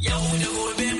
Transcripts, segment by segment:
Yau da gobe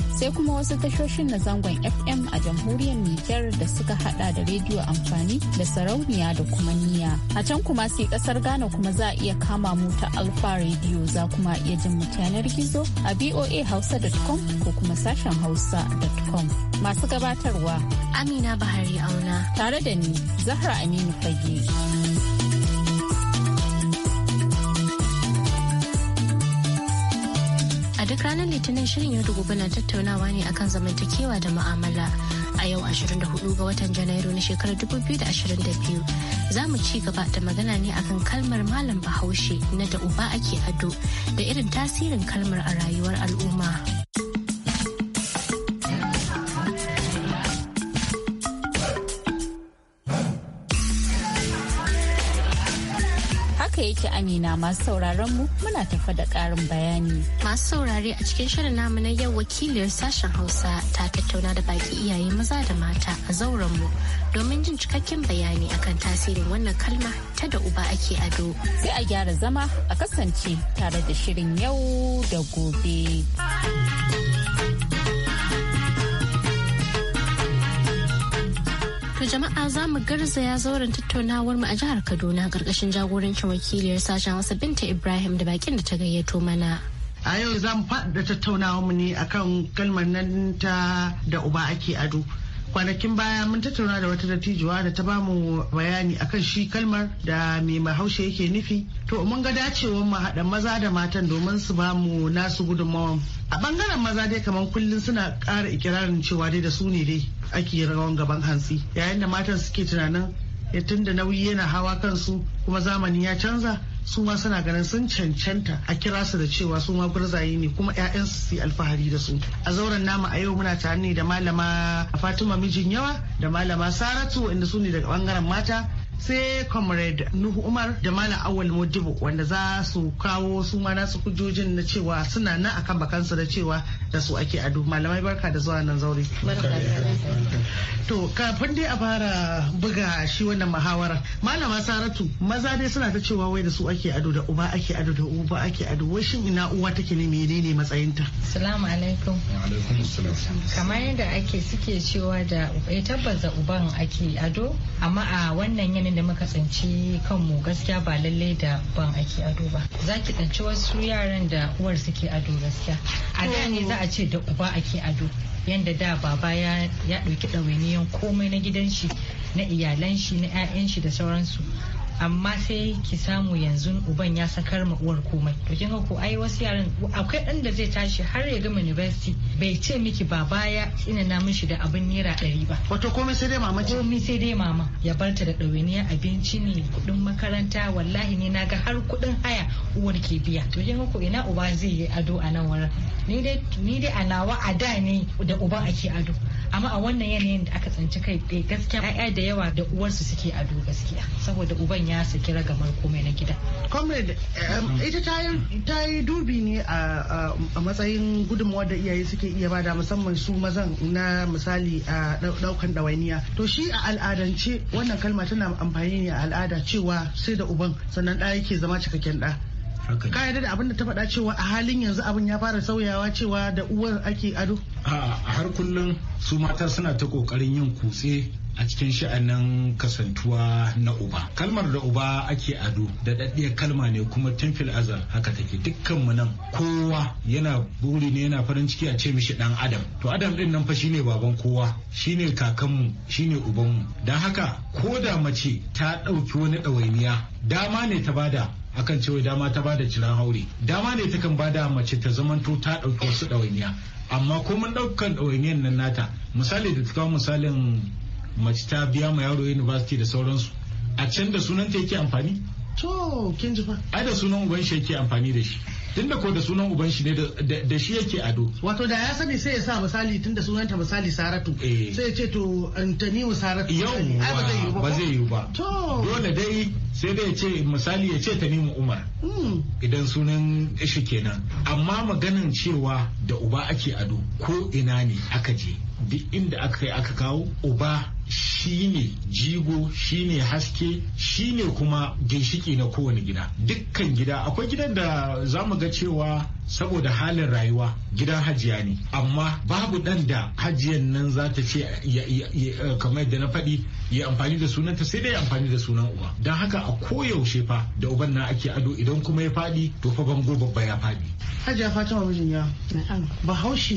sai kuma wasu tashoshin na zangon FM a jamhuriyar Nijar da suka hada da rediyo amfani da sarauniya da kuma niya. A can kuma sai kasar Ghana kuma za a iya kama mu ta Alfa Radio za kuma iya jin mutanen gizo a voahausa.com ko kuma sashen hausa.com. Masu gabatarwa Amina Bahari Auna. Tare da ni Zahra Aminu Fage. duk ranar litinin shirin yau da gobe na tattaunawa ne akan zamantakewa da ma'amala a yau 24 ga watan janairu na shekarar 2022 za mu ci gaba da magana ne akan kalmar malam bahaushe na da uba ake ado da irin tasirin kalmar a rayuwar al'umma. yake amina masu sauraron mu muna tafa da karin bayani. Masu saurare a cikin shirin namu na yau wakiliyar sashen Hausa ta tattauna da baki iyaye maza da mata a zauren mu domin jin cikakken bayani akan tasirin wannan kalma ta da uba ake ado. Sai a gyara zama a kasance tare da shirin yau da gobe. jama'a za mu garzaya zauren tattaunawar mu a jihar Kaduna karkashin jagorancin wakiliyar sashen Hausa Binta Ibrahim da bakin da ta gayyato mana. A yau za mu faɗaɗa tattaunawar mu ne akan kalmar nan ta da uba ake ado. kwanakin baya mun tattauna da wata dattijuwa da ta bamu bayani akan shi kalmar da mai mahaushe yake nufi to mun ga dacewar mu haɗa maza da matan domin su bamu nasu gudunmawan a bangaren maza dai kamar kullum suna kara ikirarin cewa dai da su ne dai ake rawan gaban hantsi yayin da matan suke tunanin ya eh, tunda nauyi yana hawa kansu kuma zamani ya canza su ma suna ganin sun cancanta a kira su da cewa su ma gurzaye ne kuma 'ya'yan su yi alfahari da su a zauren nama a yau muna tare ne da malama fatima mijin yawa da malama saratu inda su ne daga bangaren mata sai comrade nuhu umar da malam awal modibo wanda za su kawo su ma nasu kujojin na cewa suna nan akan bakansu da cewa da su ake ado malamai barka da zuwa nan zaure to kafin dai a fara buga shi wannan muhawara malama saratu maza dai suna ta cewa wai da su ake ado da uba ake ado da uba ake ado wai shin ina uwa take ne menene matsayinta assalamu alaikum kamar yadda ake suke cewa da eh, tabbas da uban ake ado amma a wannan yanayin da muka tsinci kanmu gaskiya ba lallai da ban ake ado ba za ki tsinci wasu yaran da uwar suke ado gaskiya a da ne za a ce da uba ake ado yadda da baba ya ɗauki ɗawainiyan komai na gidan shi na iyalan shi na 'ya'yan shi da sauransu amma sai ki samu yanzu uban ya sakar ma uwar komai to kin ko ai wasu yaran akwai dan da zai tashi har ya gama university bai ce miki baba ya ina na mishi da abin naira ɗari ba wato komai sai dai mama ce komai sai dai mama ya barta da ɗawainiyar abinci ne kuɗin makaranta wallahi ne naga har kuɗin haya uwar ke biya to kin ko ina uba zai yi ado a nan wurin ni dai ni dai a nawa a da ne da uba ake ado amma a wannan yanayin da aka tsinci kai eh, gaskiya 'ya'ya da yawa da uwarsu suke ado gaskiya saboda uban ya saki ragamar komai na gida. comrade um, mm. ita ta yi dubi ne a matsayin gudunmawar da iyaye suke iya bada musamman su mazan na misali a daukan ɗawainiya to shi a al'adance wannan kalma tana amfani ne a al'ada cewa sai da uban sannan ɗaya yake zama cikakken ɗa ka yarda da abin da ta faɗa cewa a halin yanzu abin ya fara sauyawa cewa da uwar ake ado a har kullum su mata suna ta kokarin yin kutse a cikin sha'anin kasantuwa na uba kalmar da uba ake ado da daddiyar kalma ne kuma fil azal haka take dukkan mu nan kowa yana buri ne yana farin ciki a ce mishi dan adam to adam din nan fa shine baban kowa shine kakanmu shine ubanmu dan haka ko da mace ta ɗauki wani ɗawainiya dama ne ta bada akan cewa dama ta bada ciran haure dama ne ta kan bada mace ta zamanto ta ɗauki wasu ɗawainiya amma ko mun ɗaukan ɗawainiyan nan nata misali da ta kawo misalin mace ta biya ma yaro university da sauransu a can da sunanta yake amfani to kin ji fa ai da sunan uban shi yake amfani da shi tunda ko da sunan uban shi ne da shi yake ado wato da ya sani sai ya sa misali tunda sunanta misali saratu eh. sai ya ce to antanimu saratu yau ba zai yiwu ba To. dole dai sai dai ya ce misali ya ce tanimu umar hmm. idan sunan shi kenan amma maganin cewa da uba ake ado ko ina ne aka je duk inda aka kai aka kawo uba shine jigo shine haske shine kuma ginshiki na kowane gida dukkan gida akwai gidan da za mu ga cewa saboda halin rayuwa gidan hajiya ne amma babu dan da hajiyan nan za ta ce kamar da na faɗi ya amfani da sunanta sai dai amfani da sunan uba don haka a koyaushe fa da uban na ake ado idan kuma ya faɗi to fa bango babba ya faɗi hajiya fatima mijin bahaushe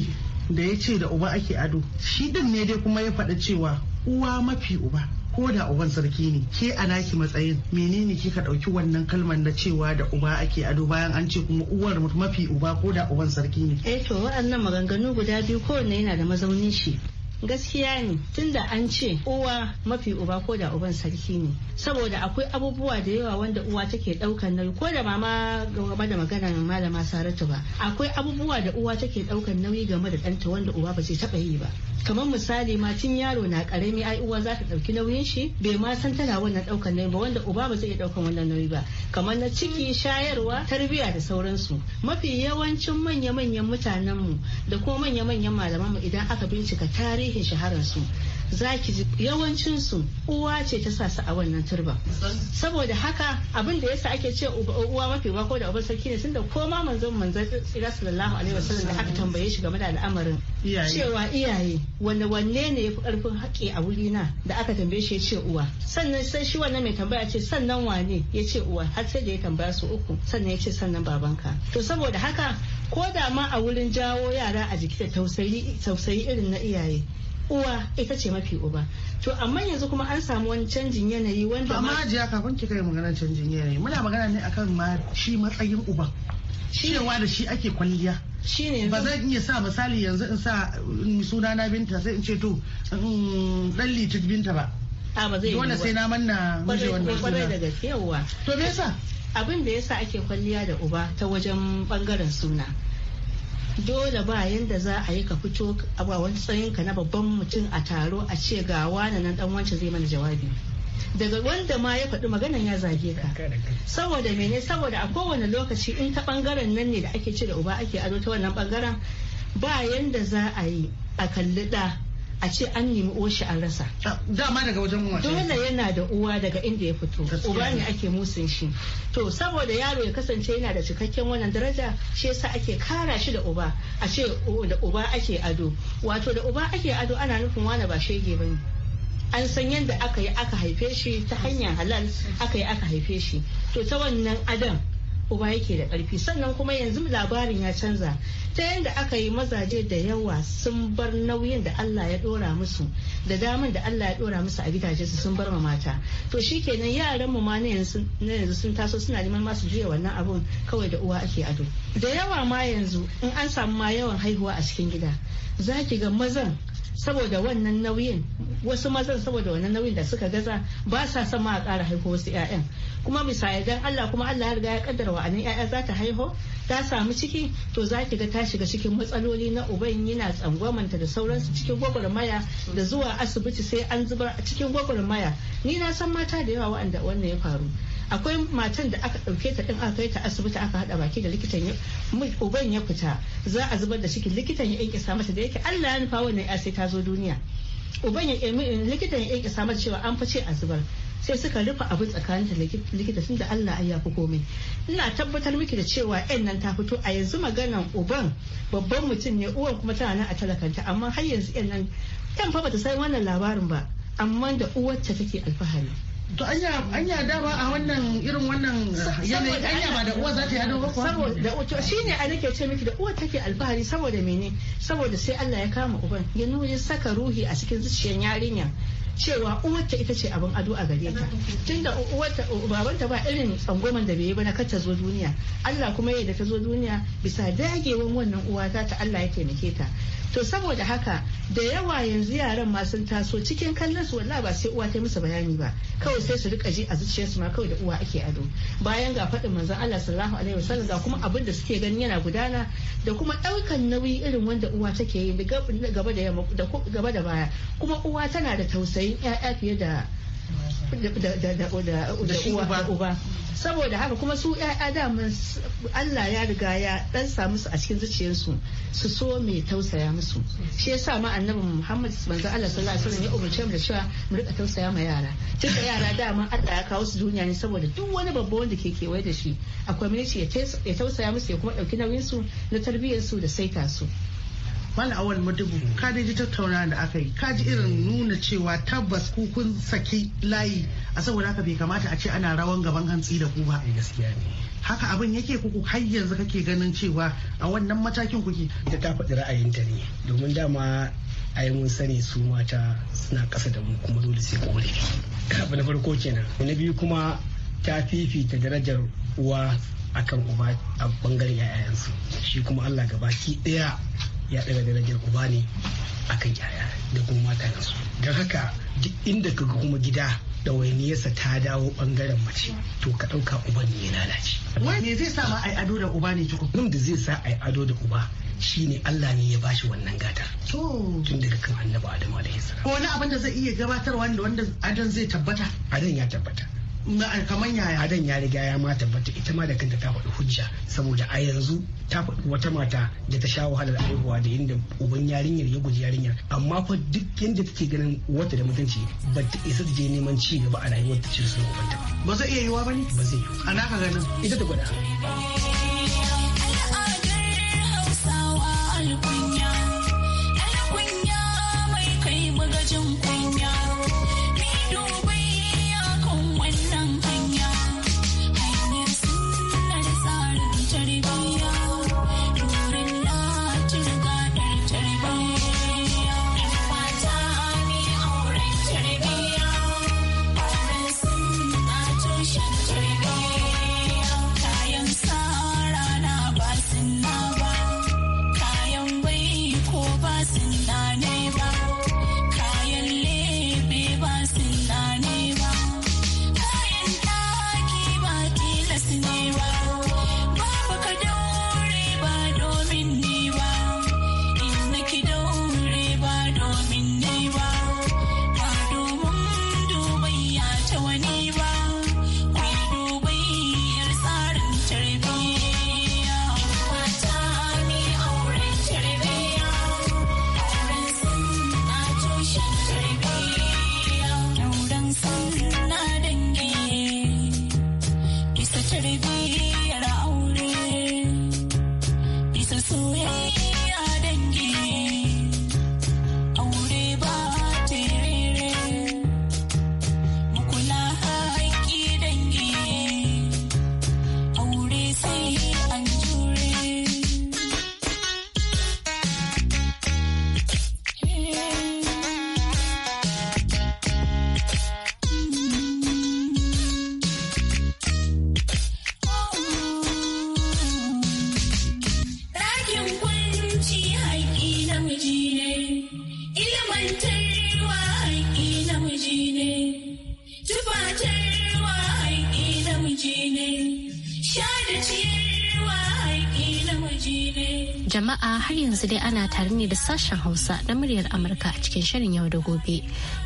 da ya ce da uba ake ado shi din ne dai kuma ya faɗa cewa uwa mafi uba ko da uban sarki ne ke a naki matsayin menene kika ɗauki wannan kalmar na cewa da uba ake ado bayan an ce kuma uwar mafi uba ko da uban sarki ne eh to waɗannan maganganu guda biyu kowanne yana da mazaunin shi gaskiya ne tunda an ce uwa mafi uba ko da uban sarki ne saboda akwai abubuwa da yawa wanda uwa take daukan nauyi ko da mama game da magana malama saratu ba akwai abubuwa da uwa take daukan nauyi game da danta wanda uba ba zai taba yi ba kamar misali ma tun yaro na karami ai uwa za ta dauki nauyin shi bai ma san tana wannan daukan nauyi ba wanda uba ba zai iya daukan wannan nauyi ba kamar na ciki shayarwa tarbiyya da sauransu mafi yawancin manya-manyan mutanenmu da kuma manya-manyan malamanmu idan aka bincika tarihi tarihin shahararsu za ki ji yawancinsu uwa ce ta sa su a wannan turba saboda haka abin da yasa ake ce uwa mafi ko da uban sarki ne tunda ko ma manzon manzon tsira sallallahu alaihi wasallam da aka tambaye shi game da al'amarin cewa iyaye wanne wanne ne yafi karfin haƙƙi a wuri na da aka tambaye shi ya ce uwa sannan sai shi wannan mai tambaya ce sannan wane ya ce uwa har sai da ya tambaya su uku sannan ya ce sannan babanka to saboda haka ko da ma a wurin jawo yara a jiki da tausayi irin na iyaye uwa ita ce mafi uba to amma yanzu kuma an samu wani canjin yanayi wanda amma ajiya kafin ki kai magana canjin yanayi muna magana ne akan ma shi matsayin uban cewa da shi ake kwalliya shine ba zan iya sa misali yanzu in sa suna na binta sai in ce to dan litit binta ba a ba zai dole sai na manna miji wannan suna da gaske yawa to me yasa abin da yasa ake kwalliya da uba ta wajen bangaren suna dole ba yanda za a yi ka fito a tsayin ka na babban mutum a taro a ce ga wani nan dan wancan zai mana jawabi daga wanda ma ya faɗi maganan ya zage ka saboda mene saboda a kowane lokaci in ta bangaren nan ne da ake ce da uba ake ado ta wannan bangaren ba yanda za a yi a kalli da a ce an nemi oshi an rasa. Ah, dama daga wajen wace. Dole yana da uwa daga inda ya fito. Uba ne ake musun shi. To saboda yaro ya kasance yana da cikakken wannan daraja shi yasa ake kara shi da uba a ce da uba ake ado. Wato da uba ake ado ana nufin wane ba shege ba ne. An san yadda aka yi aka haife shi ta hanyar halal aka yi aka haife shi. To ta wannan adam uba yake da ƙarfi sannan kuma yanzu labarin ya canza ta yadda aka yi mazaje da yawa sun bar nauyin da Allah ya dora musu da daman da Allah ya dora musu a gidaje su sun bar ma mata to shikenan yaran mu ma na yanzu sun taso suna neman masu juya wannan abun kawai da uwa ake ado da yawa ma yanzu in an samu ma yawan haihuwa a cikin gida za ki ga mazan saboda wannan nauyin wasu mazan saboda wannan nauyin da suka gaza ba sa sama a ƙara haihu wasu 'ya'yan kuma misali idan Allah kuma Allah ya riga ya kaddara wa anan 'ya'ya za ta haihu ta samu ciki to za ki ga ta shiga cikin matsaloli na uban yana tsangwamanta da sauransu cikin gwagwarmaya da zuwa asibiti sai an zubar a cikin gwagwarmaya ni na san mata da yawa waɗanda wannan ya faru akwai matan da aka ɗauke ta ɗin aka kai ta asibiti aka haɗa baki da likitan ya uban ya fita za a zubar da ciki likitan ya inkisa mata da yake Allah ya nufa wannan ya sai ta zo duniya uban ya likitan ya inkisa mata cewa an fice a zubar sai suka rufe abin tsakanin ta likita tun da Allah ya fi komai ina tabbatar miki da cewa yan nan ta fito a yanzu maganan uban babban mutum ne uwan kuma tana nan a talakanta amma har yanzu yan nan yan fa bata san wannan labarin ba amma da uwarta take alfahari to anya dama a wannan irin wannan yanayi anya ba da uwa za ta yado ba saboda wato shine a nake ce miki da uwa take alfahari saboda mene saboda sai Allah ya kama uban ya nuna saka ruhi a cikin zuciyar yarinya cewa uwarta ita ce abin ado a gare ta tunda uwarta babanta ba irin tsangwaman da bai yi ba na kar ta zo duniya Allah kuma ya da ta zo duniya bisa dagewan wannan uwa ta Allah ya taimake ta to saboda haka da yawa yanzu yaran ma sun taso cikin kallon su wallahi ba sai uwa ta musu bayani ba kawai sai su rika ji a zuciyarsu ma kawai da uwa ake ado bayan ga faɗin manzon Allah sallallahu alaihi wasallam ga kuma abin da suke gani yana gudana da kuma ɗaukan nauyi irin wanda uwa take yi gaba da gaba da baya kuma uwa tana da tausayin 'ya'ya fiye da da uba saboda haka kuma su ya'ya daman Allah ya riga ya dan sa musu a cikin zuciyarsu su so mai tausaya musu shi yasa ma annabi Muhammad manzo Allah sallallahu alaihi wasallam ya umarce mu da cewa mu rika tausaya ma yara tunda yara dama Allah ya kawo su duniya ne saboda duk wani babba wanda ke kewaye da shi a community ya tausaya musu ya kuma dauki nauyin su na tarbiyyar su da saita su Mala awal madubu ka da ji tattauna da aka yi ka ji irin nuna cewa tabbas ku kun saki layi a saboda haka bai kamata a ce ana rawan gaban hantsi da ku ba. Gaskiya ne. haka abin yake kuku har yanzu kake ganin cewa a wannan matakin kuke da ta faɗi ra'ayinta ne domin dama ai mun sani su mata suna kasa da mu kuma dole sai kore abu na farko kenan na biyu kuma ta fifita darajar uwa akan uba a bangaren yayansu shi kuma Allah gaba ki ɗaya ya daga darajar uba ne kan yaya da kuma mata nasu don haka duk inda ka ga kuma gida da wainiyarsa ta dawo bangaren mace to ka ɗauka uban ne ya lalace. Wai me zai sa ma yi ado da uba ne cikin? Nun da zai sa yi ado da uba shi ne Allah ne ya bashi wannan gata. Tun daga kan annabi Adamu alaihi salam. Wani abin da zai iya gabatarwa da wanda adon zai tabbata? Adon ya tabbata. kamar yaya dan ya riga ya ma tabbata ita ma da kanta ta faɗi hujja saboda a yanzu ta faɗi wata mata da ta sha wahalar haihuwa da yadda uban yarinyar ya guji yarinyar amma fa duk yadda take ganin wata da mutunci ba ta isa ta je neman ci gaba a rayuwar ta cire suna ba ba zai iya yiwa ba ne ba zai yiwu a naka ganin ita ta gwada ne da sashen Hausa na muryar Amurka a cikin shirin yau da gobe.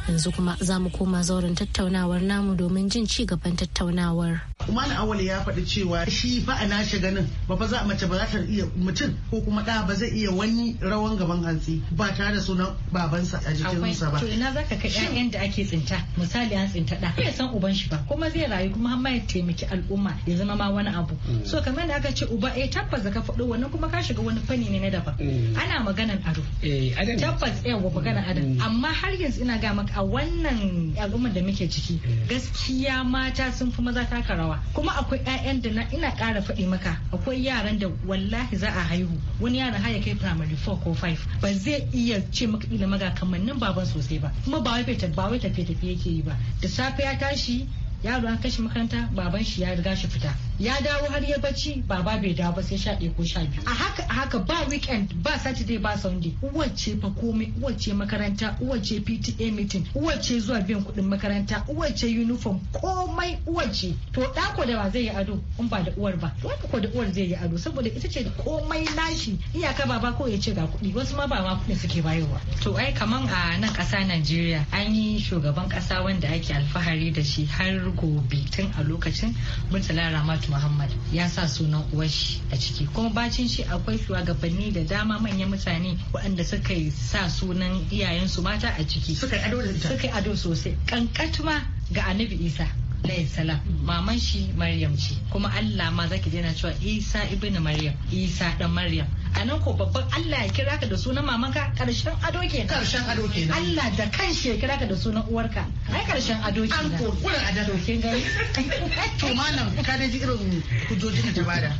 Yanzu kuma za mu koma zauren tattaunawar namu domin jin ci gaban tattaunawar. Umar Awali ya faɗi cewa shi fa a nashi ganin ba fa za mace ba za ta iya mutum ko kuma ɗa ba zai iya wani rawan gaban hantsi ba tare da sunan babansa a jikinsa ba. To ina zaka kai ƴaƴan da ake tsinta misali an tsinta ɗa bai san uban shi ba kuma zai rayu kuma har ma ya taimaki al'umma ya zama ma wani abu. Mm. So kamar da aka ce uba eh tabbas ka faɗo wannan kuma ka shiga wani fanni ne na daban. Mm. Ana maganan ado. Eh, tabbas yawa maganar ado mm. amma har yanzu ina ga maka a wannan al'ummar da muke ciki gaskiya mata sun fi maza taka rawa. kuma akwai 'ya'yan da na ina ƙara faɗi maka akwai yaran da wallahi za a haihu wani yaran har ya kai primary 4 ko 5 ba zai iya ce maka ila maga kamannin baban sosai ba kuma ba wai tafiye tafiye yake yi ba da safe ya tashi yaro an kashe makaranta baban shi ya riga shi fita ya dawo har ya bacci baba bai dawo ba sai sha ɗaya ko sha biyu a haka a haka ba weekend ba saturday ba sunday uwace fa komai uwace makaranta uwace pta meeting uwace zuwa biyan kuɗin makaranta uwace uniform komai uwace to ko da ba zai yi ado in ba da uwar ba wanda ko da uwar zai yi ado saboda ita ce komai nashi iyaka baba ko ya ce ga kuɗi wasu ma ba ma kuɗi suke bayarwa to ai kaman a nan ƙasa najeriya an yi shugaban ƙasa wanda ake alfahari da shi har gobe tun a lokacin murtala ramatu muhammad ya sa sunan uwar shi a ciki kuma bacin shi akwai shugabanni da dama manyan mutane waɗanda suka sa sunan iyayensu mata a ciki suka yi ado sosai kankatuma ga annabi isa salam mm. maman shi maryam ce kuma allah ma zaki je cewa isa ibnu maryam isa dan maryam a nan ko babban Allah ya kira ka da sunan mamanka karshen ado ke karshen ado ke Allah da kanshi ya kira ka da sunan uwarka ai karshen ado ke an kurkurin ado ke gani to malam ka da ji irin hujjojin da ta bada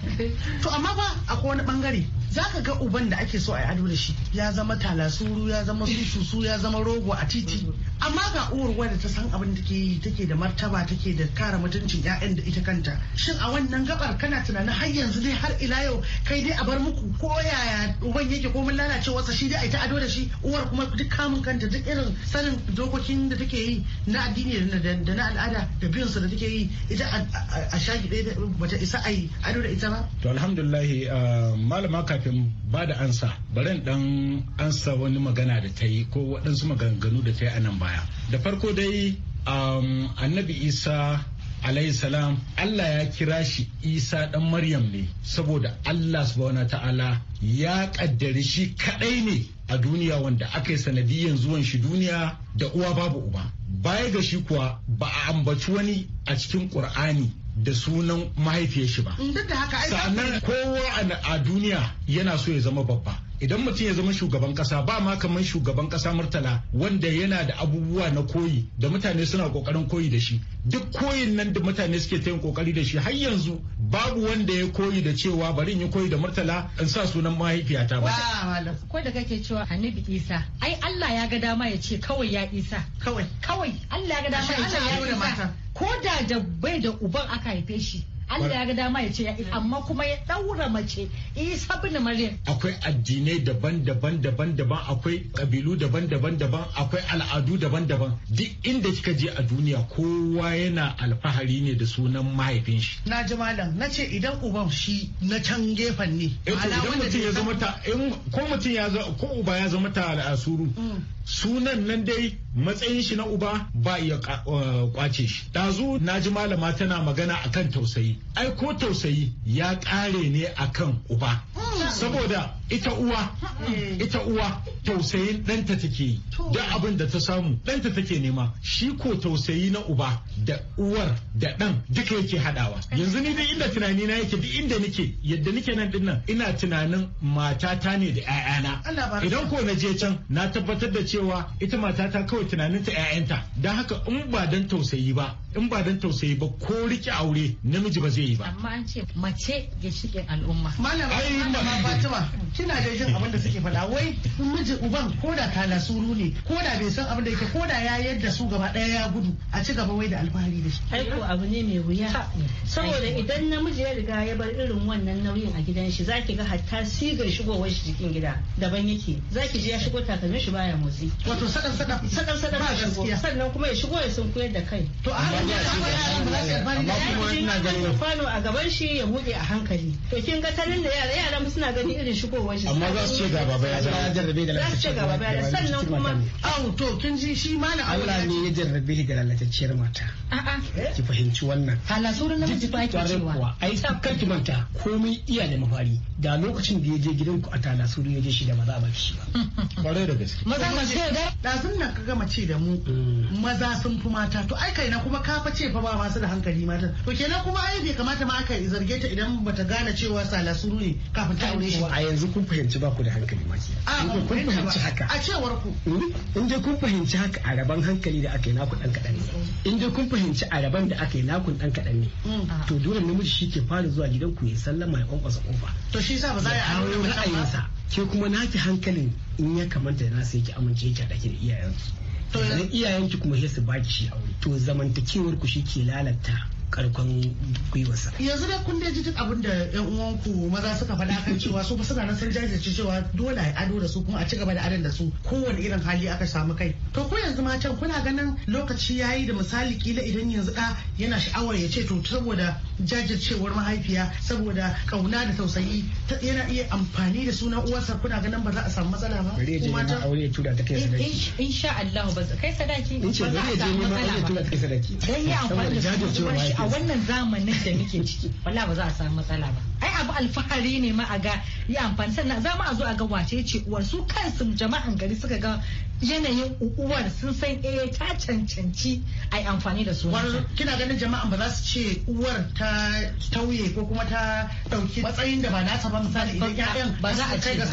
to amma ba akwai wani bangare za ka ga uban da ake so a yi ado da shi ya zama talasuru ya zama sususu ya zama rogo a titi amma ga uwar wadda ta san abin da yi take da martaba take da kare mutuncin 'ya'yan da ita kanta shin a wannan gabar kana tunanin har yanzu dai har ila yau kai dai a bar muku ko yaya uban yake ko mun lalacewarsa shi dai a ta ado da shi uwar kuma duk kamun kanta duk irin sanin dokokin da take yi na addini da na al'ada da bin su da take yi ita a shaki ɗaya bata isa a yi ado da ita ba. to alhamdulillah ah, malama kafin ba da ansa bari dan ansa wani magana da ta yi ko waɗansu maganganu da ta yi a nan baya da farko dai um, annabi isa alayhi salam Allah ya kira shi Isa dan Maryam ne saboda Allah subhanahu ta'ala ya kaddari shi kadai ne a duniya wanda aka yi sanadiyan zuwan shi duniya da uwa babu uba baya ga shi kuwa ba a ambaci wani a cikin Qur'ani da sunan mahaifiyar shi ba. Mm, Sannan kowa a duniya yana so ya zama babba. idan mutum ya zama shugaban kasa ba ma kamar shugaban kasa murtala wanda yana da abubuwa na koyi da mutane suna kokarin koyi da shi duk koyin nan da mutane suke ta yin kokari da shi har yanzu babu wanda ya koyi da cewa bari in yi koyi da murtala in sa sunan mahaifiyata ba ko da kake cewa annabi isa ai Allah ya ga dama ya ce kawai ya isa kawai kawai Allah ya ga dama ya ce ya isa ko da da bai da uban aka haife shi Allah ya ga dama ya ce amma kuma ya daura mace Isa bin Maryam akwai addinai daban-daban daban-daban akwai kabilu daban-daban daban akwai al'adu daban-daban duk inda kika je a duniya kowa yana alfahari ne da sunan mahaifin shi na ji malam na ce idan uban shi na can gefen ne eh idan mutum ya zama ta ko mutum ya ko uba ya zama ta al'asuru mm. sunan nan dai matsayin shi na uba ba ya eh, kwace shi dazu na ji malama tana magana akan tausayi ai ko tausayi ya ƙare ne akan uba saboda ita uwa ita uwa tausayin ɗanta take yi duk abin da ta samu ɗanta take nema shi ko tausayi na uba da uwar da ɗan duka yake haɗawa yanzu ni dai inda tunani na yake duk inda nake yadda nake nan dinnan ina tunanin matata ne da 'ya'yana idan ko na je can na tabbatar da cewa ita matata kawai tunanin ta 'ya'yanta don haka in ba dan tausayi ba in ba dan tausayi ba ko rike aure namiji ba zai yi ba amma an ce mace ginshiƙin al'umma ma Fatima kina da jin abin da suke faɗa wai miji uban ko da kala lasuru ne ko da bai san abin da yake ko da ya yadda su gaba ɗaya ya gudu a ci gaba wai da alfahari da shi. Aiko abu ne mai wuya. Saboda idan namiji ya riga ya bar irin wannan nauyin a gidan shi zaki ga hatta sigar shigowar shi cikin gida daban yake zaki ji ya shigo takalmin shi baya motsi. Wato sadan sadan sadan sadan ba gaskiya sannan kuma ya shigo ya sunkuyar da kai. To a hannun ya shigo ya yi ya ya yi ya ya ya ya ya ya suna gani irin shigowar shi amma za su ce ga baba ya jarrabe da za su ce ga baba ya sannan kuma au to kin ji shi ma na Allah ne ya jarrabe da lalatacciyar mata a'a ki fahimci wannan hala sauran namiji ba ki cewa ai kar ki manta komai iya da mafari da lokacin da ya je gidanku a tana su ya je shi da maza ba shi ba kwarai da gaske maza ma ce da da sun nan ka gama ce da mu mm. maza sun fi mata to ai kai na kuma ka fa ce fa ba masu da hankali mata to kenan kuma ai bai kamata ma aka zarge ta idan bata gane cewa sala suru ne kafin ta a yanzu kun fahimci ba ku da hankali ma ke ah, haka a cewar ku in dai kun fahimci haka a raban hankali da aka yi naku dan kadan ne in dai kun fahimci a raban da aka yi naku dan kadan ne mm. ah. to dole namiji shi ke fara zuwa gidan ku ya sallama ya kwankwasa kofa to shi sa ba za a yi ra'ayinsa ke kuma naki hankalin in ya kamata na sai ki amince ki da daki da ki. to iyayenki kuma sai su baki shi aure to zamantakewar ku shi ke lalata karkon gwiwarsa. yanzu da kun ji duk abin da yan uwanku maza suka faɗa kan cewa su suna nan sun jajirce cewa dole a ado da su kuma a ci gaba da adon da su kowane irin hali aka samu kai to ko yanzu ma can kuna ganin lokaci yayi da misali kila idan yanzu da yana sha'awar ya ce to saboda jajircewar mahaifiya saboda kauna da tausayi yana iya amfani da suna uwarsa kuna ganin ba za a samu matsala ba kuma ta aure tura ta kai eh, sadaki insha Allah ba kai sadaki ba za a samu matsala ba dan yi amfani da shi a wannan zamanin da muke ciki wallahi ba za a samu matsala ba ai abu alfahari ne ma a ga yi amfani sannan za mu a zo a ga wace ce uwar su kansu jama'an gari suka ga yanayin uwar sun san eh ta cancanci a yi amfani da su kina ganin jama'an ba za su ce uwar ta tauye ko kuma ta dauki matsayin da ba nasa ba misali idan ƴaƴan ba za a ce ba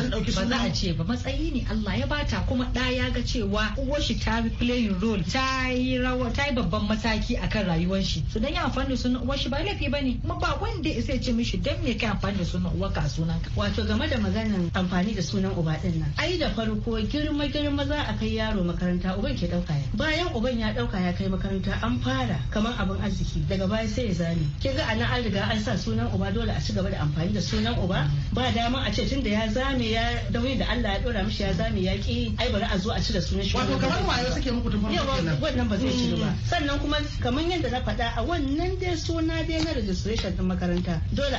za a ce ba matsayi ne Allah ya bata kuma da ya ga cewa uwar shi ta playing role ta yi rawa ta yi babban mataki akan rayuwar shi su dan ya amfani da sunan uwar shi ba laifi bane kuma ba wanda ya ce mishi dan me sai amfani da sunan uwa kasunan ka wato game da maganin amfani da sunan uba din nan ai da farko girma girma za a kai yaro makaranta uban ke dauka ya bayan uban ya dauka ya kai makaranta an fara kamar abin arziki daga baya sai ya zane. kin ga anan an riga an sa sunan uba dole a ci gaba da amfani da sunan uba ba dama a ce tunda ya zame ya dauye da Allah ya dora mishi ya zame ya ki ai bari a zo a ci da sunan shi wato kamar waye suke muku tun wannan ba zai ci ba mm. sannan kuma kamar yadda na faɗa a wannan dai suna dai na registration din makaranta dole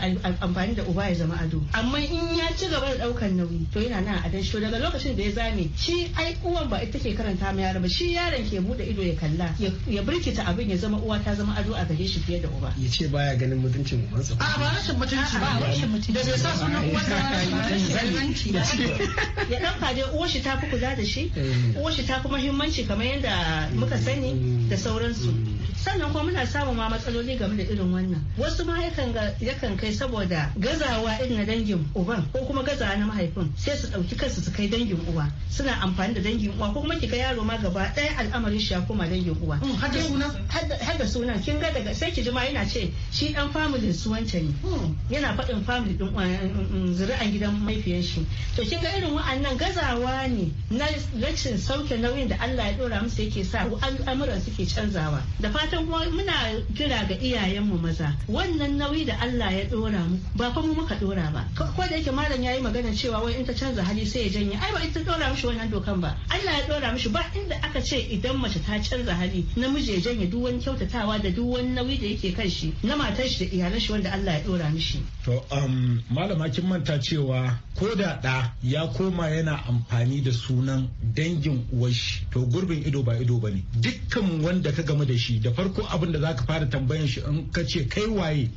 amfani da uba ya zama ado amma in ya ci gaba da daukan nauyi to yana nan a dasho daga lokacin da ya zame shi ai uwan ba ita ke karanta ma yaro ba shi yaron ke bude ido ya kalla ya birkita abin ya zama uwa ta zama ado a gare shi fiye da uba ya ce baya ganin mutuncin uwansa a ba rashin mutunci ba rashin mutunci da bai sa sunan uwansa ba ya dan dai uwar shi ta fi kula da shi eh. uwar shi ta fi muhimmanci kamar yadda muka sani da sauransu mm. sannan kuma muna samun ma matsaloli game da irin wannan wasu ma yakan kai saboda gazawa irin na dangin uban ko kuma gazawa na mahaifin sai su ɗauki kansu su kai dangin uwa suna amfani da dangin uwa ko kuma ki ga yaro ma gaba ɗaya al'amarin shi ya koma dangin uwa mm, har da sunan kin ga daga sai ki ji ma yana ce shi dan famili su wancan ne mm. yana faɗin family din mm, zuri'an gidan mahaifiyan shi to kin ga irin wa'annan gazawa ne na rashin sauke nauyin da Allah ya dora musu yake sa al'amuran suke canzawa da fatan muna jira ga iyayenmu maza wannan nauyi da Allah ya dora mu ba fa mu muka dora ba ko da yake malam yayi magana cewa wai in ta canza hali sai ya janye ai ba ita dora mishi wannan dokan ba Allah ya dora mishi ba inda aka ce idan mace ta canza hali namiji ya janye duk wani kyautatawa da duk wani nauyi da yake kan shi na matar shi da iyalan shi wanda Allah ya dora mishi to um, malama kin manta cewa ko da da ya koma yana amfani da sunan dangin uwar shi to gurbin ido ba ido bane dukkan wanda ka gama da shi da farko abin da za ka fara tambayan shi in ka ce kai waye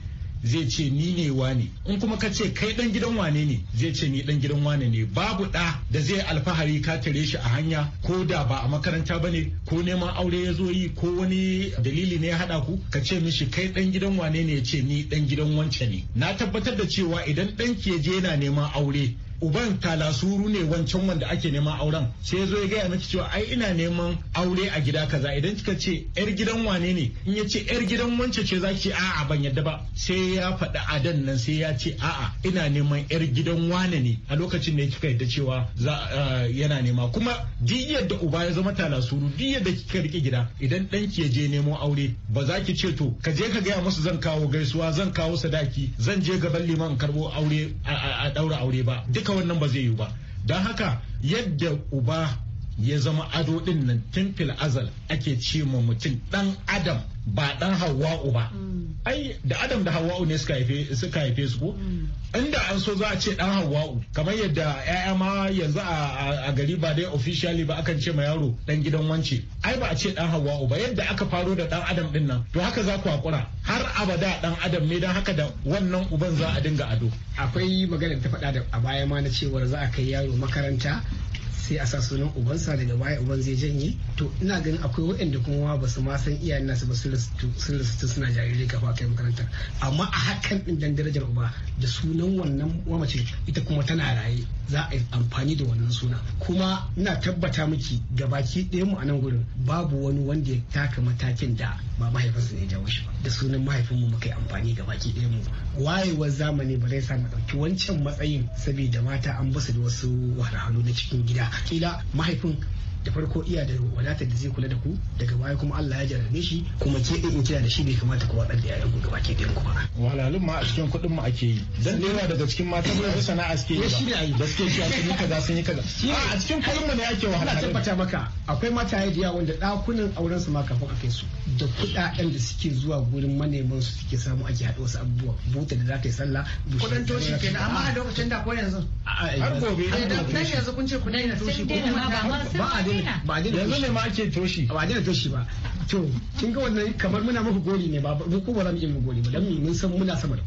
zai ce ni ne wane in kuma ka ce kai dan gidan wane ne zai ce ni dan gidan wane ne babu da da zai alfahari ka tare shi a hanya ko da ba a makaranta ba ne ko neman aure ya zo yi ko wani dalili ne ya hada ku ka ce mishi kai dan gidan wane ne ya ce ni dan gidan wance ne na tabbatar da cewa idan danki ya je yana neman aure uban kalasuru ne wancan wanda ake neman auren sai zo ya gaya miki cewa ai ina neman aure a gida kaza idan kika ce yar gidan wane ne in ya ce yar gidan wance ce za ki a'a ban yadda ba sai ya faɗi adan nan sai ya ce a'a ina neman yar gidan wane ne a lokacin ne kika yadda cewa eh, yana nema kuma duk yadda uba ya zama talasuru duk yadda kika rike gida idan ɗanki ya je nemo aure ba za ki ce to ka je ka gaya musu zan kawo gaisuwa zan kawo sadaki zan je gaban liman karɓo aure a ɗaura aure ba duk kawai wannan ba zai yi ba don haka yadda uba ya zama ado din nan tun fil azal ake ce ma mutum dan adam ba dan hawa'u ba mm. ai da adam da hawa'u ne suka haife suka haife su ko mm. inda an so za a ce dan hawa'u kamar yadda ya'ya ma yanzu a gari ba dai officially ba akan ce ma yaro dan gidan wance ai ba a ce dan hawa'u ba yadda aka faro da dan adam din nan to haka za ku hakura har abada dan adam ne dan haka da wannan uban za a dinga ado akwai magana ta faɗa da a baya ma na cewar za a kai yaro makaranta sai a sa sunan ubansa daga baya uban zai janye to ina ganin akwai waɗanda kuma ba su ma san iyayen nasu ba sun rasu suna jarirai kafa kai makarantar amma a hakan ɗin dan darajar uba da sunan wannan mamace ita kuma tana raye za a yi amfani da wannan suna kuma ina tabbata miki ga baki ɗaya mu a nan gurin babu wani wanda ya taka matakin da ba mahaifinsa ne ya jawo shi ba da sunan mahaifinmu muka yi amfani ga baki ɗaya mu wayewar zamani ba zai sa mu ɗauki wancan matsayin saboda mata an basu da wasu wahalhalu na cikin gida kila mahaifin da farko iya da wadatar da zai kula da ku daga baya kuma Allah ya jarrabe shi kuma ke in kira da shi bai kamata ku waɗanda yayan ku gaba ke ɗayan ku ba. Walalun ma a cikin kuɗin mu ake yi. Dan lewa daga cikin mata ba su sana'a suke yi ba. Shi ne ayi. Da suke shi a cikin kaza sun yi kaza. A cikin kuɗin mu ne ake wahala. Ana tabbata maka akwai mataye da yawa wanda ɗakunan auren su ma kafin a kai su da kuɗaɗen da suke zuwa gurin maneman su suke samu ake haɗa wasu abubuwa buta da za ka yi sallah. Kuɗin toshi da amma a lokacin da ko yanzu. Eh, Har gobe. Har eh, yanzu kun ce toshi ko kuma ba ba dai yanzu ne ma ake toshi ba dai toshi ba to kin ga wannan kamar muna muku godi ne ba ko ba za mu yi mu gori ba dan mun san muna sama da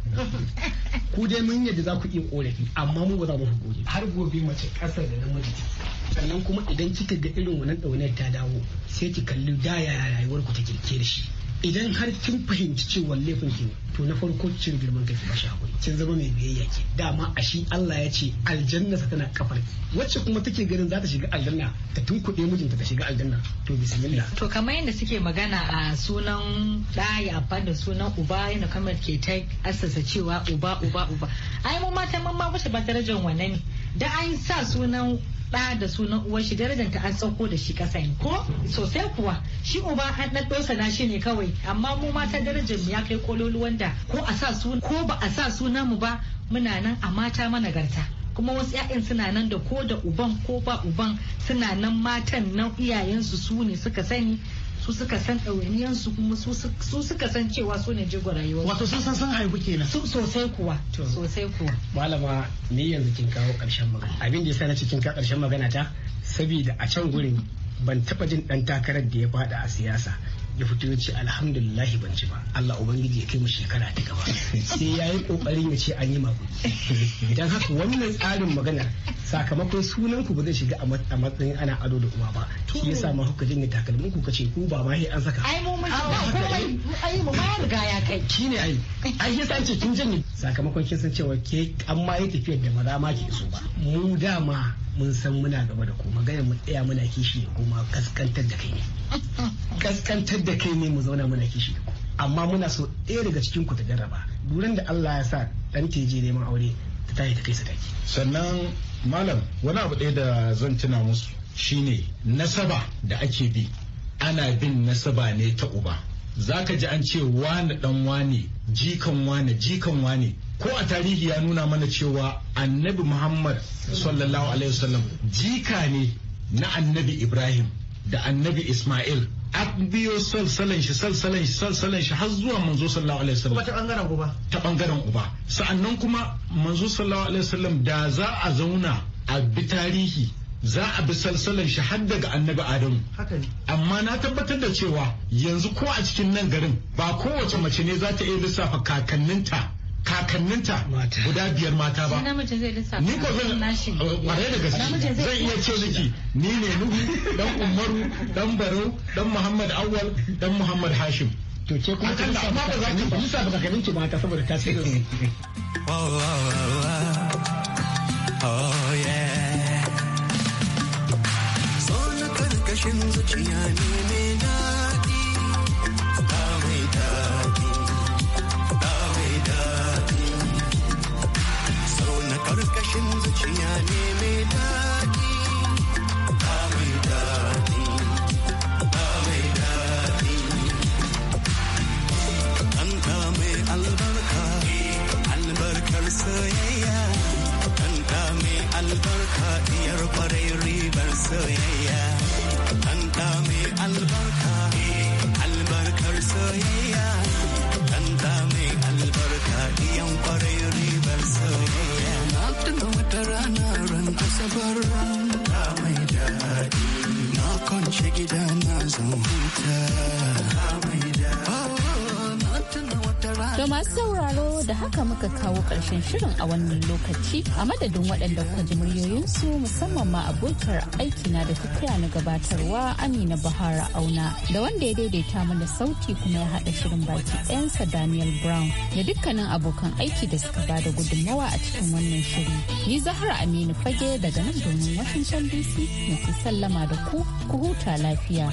ku dai mun yadda za ku iya korafi amma mu ba za mu gori har gobe mace ƙasa da namiji sannan kuma idan kika ga irin wannan ɗaunar ta dawo sai ki kalli da yaya rayuwar ku ta kirke da shi idan har kin fahimci cewa laifin ki to na farko cin girman kai ba bashi hakuri kin zama mai biyayya ke dama a shi Allah ya ce aljanna ta tana kafar wacce kuma take ganin za ta shiga aljanna ta kuɗe mijinta ta shiga aljanna to bismillah to kamar yadda suke magana a sunan da ya sunan uba yana kamar ke ta assasa cewa uba uba uba ai mu mata mun ma bushe ba darajar wannan ne da an sa sunan ɗa da sunan uwar shi darajar ta an sauko da shi kasa ne ko sosai kuwa shi uba an ɗan na shi ne kawai amma mu mata darajar mu ya kai kololuwan wanda ko a sa su ko ba a sa sunan mu ba muna nan a mata managarta kuma wasu 'ya'yan suna nan da ko da uban ko ba uban suna nan matan nan iyayensu su ne suka sani su suka san ɗawainiyar su kuma su suka san cewa su ne jigon rayuwa. Wato sun san san haihu kenan. Su sosai kuwa. Sosai kuwa. Malama ni yanzu kin kawo karshen magana. Abin da ya sani na cikin karshen magana ta saboda a can gurin ban taba jin dan takarar da ya fada a siyasa ya fito ya ce alhamdulillahi ban ci ba Allah ubangiji ya kai mu shekara ta gaba sai ya yi kokarin ya ce an yi mako idan haka wannan tsarin magana sakamakon sunan ku ba zai shiga a matsayin ana ado da uwa ba shi yasa ma haka janye takalmin ku kace ku ba ma an saka ai mu mun ai mu ma riga ya kai ne ai ai yasa ce kin janye sakamakon kin san cewa ke an ma yi tafiyar da maza ma ke so ba mu dama mun san muna gaba da ku magana mu tsaya muna kishi kuma kaskantar da kai ne kaskantar da kai ne mu zauna muna kishi amma muna so ɗaya daga cikin ku ta jarraba duran da Allah ya sa dan teje neman aure ta tashi ta kai sadaki sannan malam wani abu ɗaya da zan tuna musu shine nasaba da ake bi ana bin nasaba ne ta uba zaka ji an ce wani dan wani jikan wani jikan wani ko a tarihi ya nuna mana cewa annabi muhammad sallallahu alaihi wasallam jika ne na annabi ibrahim da annabi Ismail an biyo salsalan shi salsalan shi salsalan shi har zuwa manzo sallallahu alaihi wasallam ta bangaren uba ta bangaren uba sa'annan kuma manzo sallallahu alaihi wasallam da za a zauna a bi tarihi za a bi salsalan shi har daga annabi adamu amma na tabbatar da cewa yanzu ko a cikin nan garin ba kowace mace ne za ta iya lissafa kakanninta kakanninta guda biyar mata ba. Ni ko zan ware da gaske zan iya ce miki ni ne Nuhu dan Umaru dan Baro dan Muhammad Awwal dan Muhammad Hashim. To ce kuma ta amma ba za ki nisa ba kakanninki ki mata saboda ta ce. Oh yeah. So na karkashin zuciya ne ne albarka albarkar soyayya dan mai albarka iyan kwarai ribar soyayya na tuna wata rana ran asabar ran mai daɗi na kwance gida na zan huta Ga masu sauraro da haka muka kawo ƙarshen shirin a wannan lokaci a madadin waɗanda kuka ji muryoyinsu musamman ma abokiyar na da tafiya na gabatarwa Amina Bahara Auna da wanda ya daidaita mana sauti kuma ya haɗa shirin baki ɗayansa Daniel Brown da dukkanin abokan aiki da suka bada gudunmawa a cikin wannan shiri. Ni Zahra Aminu Fage daga nan domin Washington DC na sallama da ku ku huta lafiya.